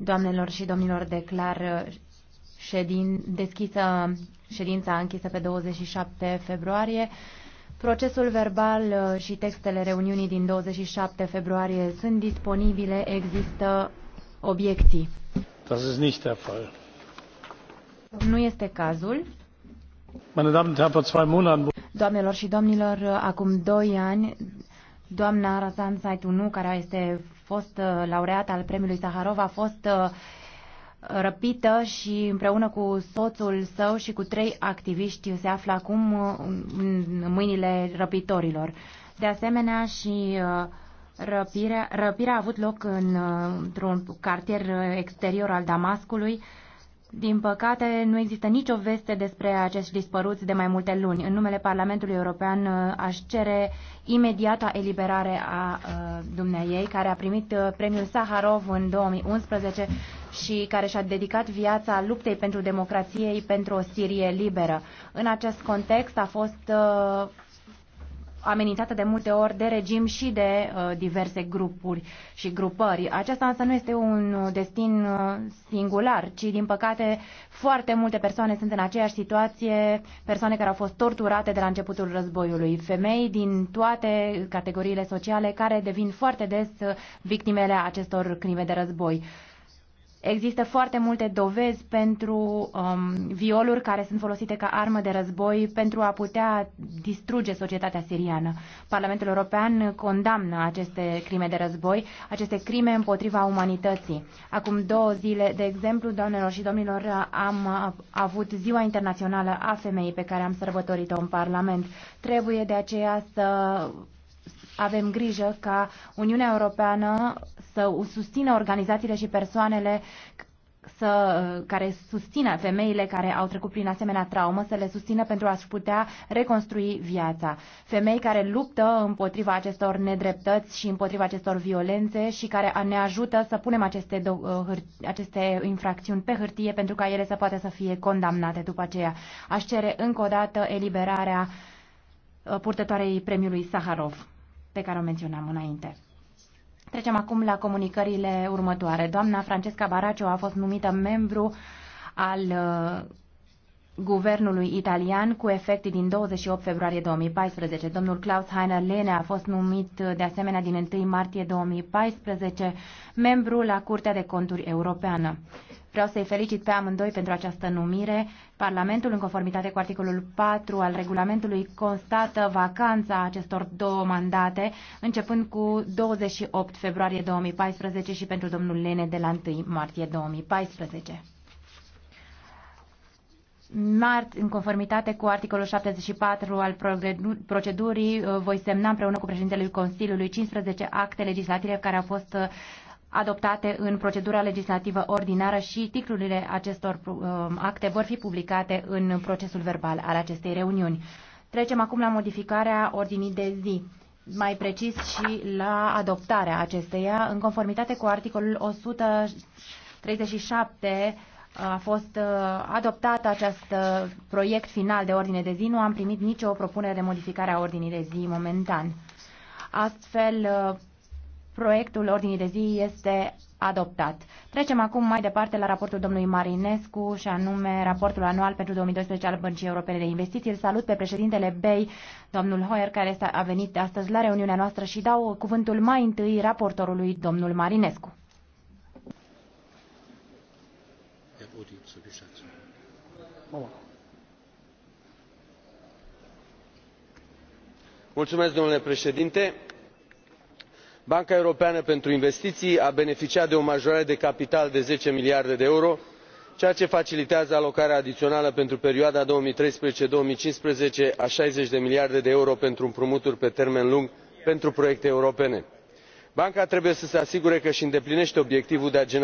Doamnelor și domnilor, declar uh, ședin, deschisă ședința închisă pe 27 februarie. Procesul verbal uh, și textele reuniunii din 27 februarie sunt disponibile. Există obiecții. Das ist nicht der Fall. Nu este cazul. Meine Damen und Herren, vor zwei Monaten Doamnelor și domnilor, uh, acum doi ani Doamna Razan Saitunu, care este fost uh, laureat al premiului Saharov, a fost uh, răpită și împreună cu soțul său și cu trei activiști se află acum uh, în mâinile răpitorilor. De asemenea și răpirea, răpirea a avut loc în, într-un cartier exterior al Damascului, din păcate, nu există nicio veste despre acești dispăruți de mai multe luni. În numele Parlamentului European uh, aș cere imediata eliberare a uh, dumneaei, care a primit uh, premiul Saharov în 2011 și care și-a dedicat viața luptei pentru democrație, pentru o Sirie liberă. În acest context a fost amenințată de multe ori de regim și de uh, diverse grupuri și grupări. Aceasta însă nu este un destin uh, singular, ci din păcate foarte multe persoane sunt în aceeași situație, persoane care au fost torturate de la începutul războiului, femei din toate categoriile sociale care devin foarte des uh, victimele acestor crime de război. Uh, Există foarte multe dovezi pentru um, violuri care sunt folosite ca armă de război pentru a putea distruge societatea siriană. Parlamentul European condamnă aceste crime de război, aceste crime împotriva umanității. Acum două zile, de exemplu, doamnelor și domnilor, am avut Ziua Internațională a Femeii pe care am sărbătorit-o în Parlament. Trebuie de aceea să avem grijă ca Uniunea Europeană să susțină organizațiile și persoanele să, care susțină femeile care au trecut prin asemenea traumă, să le susțină pentru a-și putea reconstrui viața. Femei care luptă împotriva acestor nedreptăți și împotriva acestor violențe și care ne ajută să punem aceste, uh, aceste infracțiuni pe hârtie pentru ca ele să poată să fie condamnate după aceea. Aș cere încă o dată eliberarea uh, purtătoarei premiului Saharov pe care o menționam înainte. Trecem acum la comunicările următoare. Doamna Francesca Baraciu a fost numită membru al uh, guvernului italian cu efect din 28 februarie 2014. Domnul Klaus Heiner Lene a fost numit de asemenea din 1 martie 2014 membru la Curtea de Conturi Europeană. Vreau să-i felicit pe amândoi pentru această numire. Parlamentul, în conformitate cu articolul 4 al regulamentului, constată vacanța acestor două mandate, începând cu 28 februarie 2014 și pentru domnul Lene de la 1 martie 2014. Mart, în conformitate cu articolul 74 al procedurii, uh, voi semna împreună cu președintele Consiliului 15 acte legislative care au fost uh, adoptate în procedura legislativă ordinară și titlurile acestor uh, acte vor fi publicate în procesul verbal al acestei reuniuni. Trecem acum la modificarea ordinii de zi mai precis și la adoptarea acesteia în conformitate cu articolul 137 a fost uh, adoptat acest uh, proiect final de ordine de zi. Nu am primit nicio propunere de modificare a ordinii de zi momentan. Astfel, uh, proiectul ordinii de zi este adoptat. Trecem acum mai departe la raportul domnului Marinescu și anume raportul anual pentru 2012 al Băncii Europene de Investiții. Îl salut pe președintele BEI, domnul Hoyer, care a venit astăzi la reuniunea noastră și dau cuvântul mai întâi raportorului domnul Marinescu. Mulțumesc, domnule președinte. Banca Europeană pentru Investiții a beneficiat de o majorare de capital de 10 miliarde de euro, ceea ce facilitează alocarea adițională pentru perioada 2013-2015 a 60 de miliarde de euro pentru împrumuturi pe termen lung pentru proiecte europene banca trebuie să se asigure că își îndeplinește obiectivul de a genera